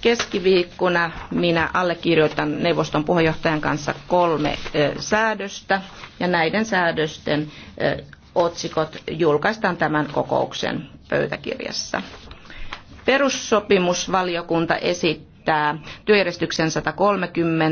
Keskiviikkona minä allekirjoitan neuvoston puheenjohtajan kanssa kolme säädöstä ja näiden säädösten otsikot julkaistaan tämän kokouksen pöytäkirjassa. Perussopimusvaliokunta esittää työjärjestyksen 130